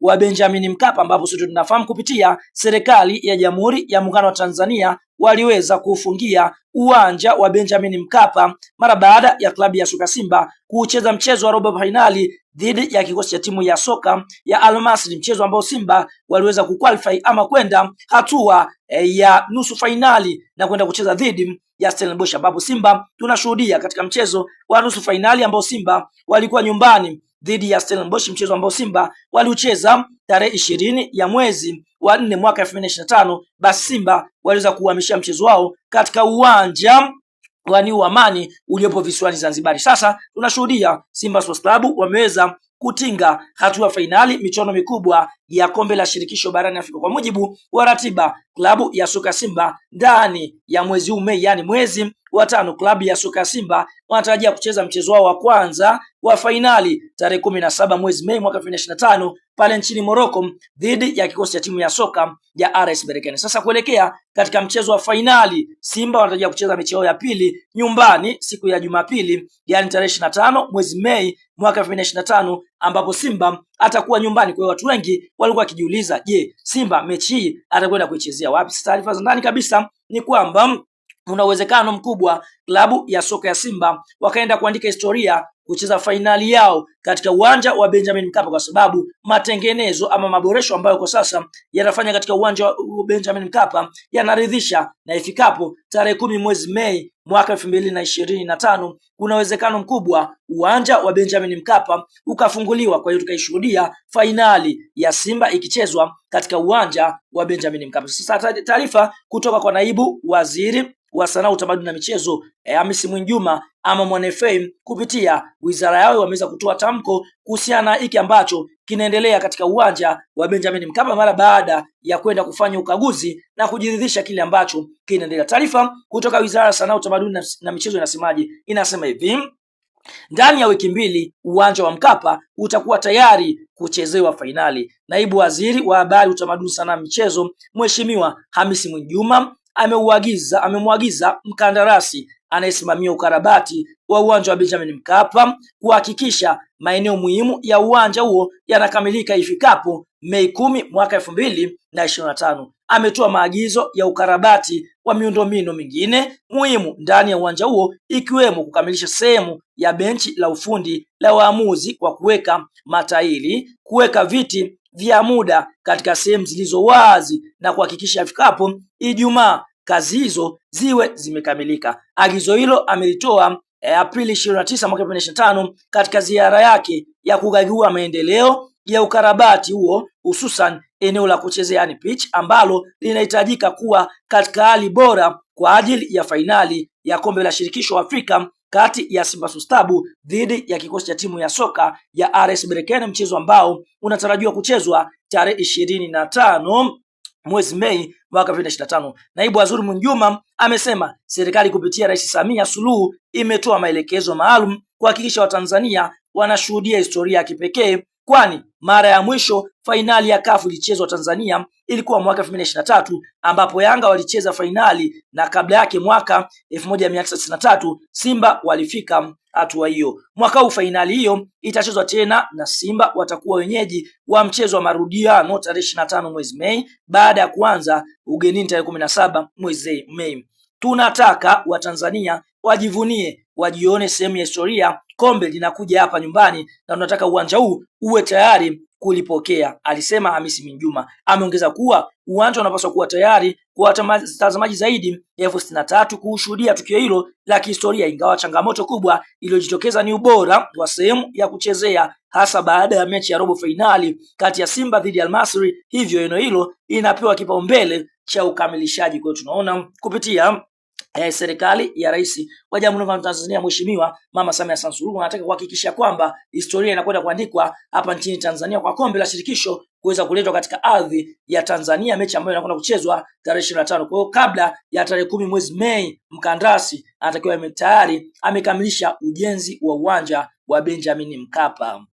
wa Benjamin Mkapa, ambapo sote tunafahamu kupitia serikali ya Jamhuri ya Muungano wa Tanzania waliweza kuufungia uwanja wa Benjamin Mkapa mara baada ya klabu ya soka Simba kucheza mchezo wa robo fainali dhidi ya kikosi cha timu ya soka ya Almasri, mchezo ambao Simba waliweza kuqualify ama kwenda hatua eh, ya nusu fainali na kwenda kucheza dhidi ya Stellenbosch, ambapo Simba tunashuhudia katika mchezo wa nusu fainali ambao Simba walikuwa nyumbani dhidi ya Stellenbosch, mchezo ambao Simba waliucheza tarehe ishirini ya mwezi wa nne mwaka 2025. Basi Simba waliweza kuhamishia mchezo wao katika uwanja wa Amani uliopo visiwani Zanzibari. Sasa tunashuhudia Simba Sports Club wameweza kutinga hatua fainali michuano mikubwa ya kombe la shirikisho barani Afrika. Kwa mujibu wa ratiba, klabu ya soka Simba ndani ya mwezi huu Mei, yani mwezi watano. klabu ya soka Simba wanatarajia kucheza mchezo wao wa kwanza wa fainali tarehe kumi na saba mwezi Mei mwaka elfu mbili na ishirini na tano pale nchini Morocco dhidi ya kikosi cha timu ya soka ya RS Berkane. Sasa kuelekea katika mchezo wa fainali, Simba wanatarajia kucheza mechi yao ya pili nyumbani siku ya Jumapili, yani tarehe ishirini na tano mwezi Mei mwaka elfu tano ambapo Simba atakuwa nyumbani. Kwa hiyo watu wengi walikuwa wakijiuliza, je, Simba mechi hii atakwenda kuichezea wapi? Taarifa za ndani kabisa ni kwamba una uwezekano mkubwa klabu ya soka ya Simba wakaenda kuandika historia kucheza fainali yao katika uwanja wa Benjamin Mkapa kwa sababu matengenezo ama maboresho ambayo kwa sasa yanafanya katika uwanja wa Benjamin Mkapa yanaridhisha, na ifikapo tarehe kumi mwezi Mei mwaka elfu mbili na ishirini na tano kuna uwezekano mkubwa uwanja wa Benjamin Mkapa ukafunguliwa. Kwa hiyo tukaishuhudia fainali ya Simba ikichezwa katika uwanja wa Benjamin Mkapa. Sasa taarifa kutoka kwa naibu waziri wa sanaa, utamaduni na michezo eh, Hamisi Mwinjuma ama Mwanefame kupitia wizara yao wameweza kutoa tamko kuhusiana na hiki ambacho kinaendelea katika uwanja wa Benjamin Mkapa mara baada ya kwenda kufanya ukaguzi na kujiridhisha kile ambacho kinaendelea. Taarifa kutoka wizara ya sanaa, utamaduni na michezo inasemaje? Inasema hivi ndani ya wiki mbili uwanja wa Mkapa utakuwa tayari kuchezewa fainali. Naibu waziri wa habari, utamaduni, sanaa, michezo Mheshimiwa Hamisi Mwinjuma ameuagiza amemwagiza mkandarasi anayesimamia ukarabati wa uwanja wa Benjamin Mkapa kuhakikisha maeneo muhimu ya uwanja huo yanakamilika ifikapo Mei kumi mwaka elfu mbili na ishirini na tano. Ametoa maagizo ya ukarabati wa miundombinu mingine muhimu ndani ya uwanja huo ikiwemo kukamilisha sehemu ya benchi la ufundi la waamuzi kwa kuweka mataili kuweka viti vya muda katika sehemu zilizo wazi na kuhakikisha ifikapo Ijumaa kazi hizo ziwe zimekamilika. Agizo hilo amelitoa eh, Aprili 29 mwaka 2025 katika ziara yake ya kukagua maendeleo ya ukarabati huo hususan eneo la kuchezea yani pitch ambalo linahitajika kuwa katika hali bora kwa ajili ya fainali ya kombe la shirikisho Afrika kati ya Simba Sustabu dhidi ya kikosi cha timu ya soka ya RS Berkane, mchezo ambao unatarajiwa kuchezwa tarehe ishirini na tano mwezi Mei mwaka 2025. Naibu Waziri Mwinjuma amesema serikali kupitia Rais Samia Suluhu imetoa maelekezo maalum kuhakikisha Watanzania wanashuhudia historia ya kipekee kwani mara ya mwisho fainali ya CAF ilichezwa Tanzania ilikuwa mwaka 2023 ambapo Yanga walicheza fainali na kabla yake mwaka 1993 Simba walifika hatua hiyo. Mwaka huu fainali hiyo itachezwa tena na Simba watakuwa wenyeji wa mchezo wa marudiano tarehe ishirini na tano mwezi Mei baada ya kuanza ugenini tarehe kumi na saba mwezi Mei. Tunataka Watanzania wajivunie, wajione sehemu ya historia. Kombe linakuja hapa nyumbani na tunataka uwanja huu uwe tayari kulipokea, alisema Hamisi Minjuma. Ameongeza kuwa uwanja unapaswa kuwa tayari kwa watazamaji zaidi elfu sitini na tatu kuushuhudia tukio hilo la kihistoria, ingawa changamoto kubwa iliyojitokeza ni ubora wa sehemu ya kuchezea, hasa baada ya mechi ya robo fainali kati ya Simba dhidi ya Almasri, hivyo eneo hilo inapewa kipaumbele cha ukamilishaji. Kwa hiyo tunaona kupitia eh, serikali ya rais wa Jamhuri ya Tanzania Mheshimiwa Mama Samia Sansuru anataka kuhakikisha kwamba historia inakwenda kuandikwa hapa nchini Tanzania kwa kombe la shirikisho kuweza kuletwa katika ardhi ya Tanzania, mechi ambayo inakwenda kuchezwa tarehe 25. na tano. Kwa hiyo kabla ya tarehe kumi mwezi Mei, mkandarasi anatakiwa tayari amekamilisha ujenzi wa uwanja wa Benjamin Mkapa.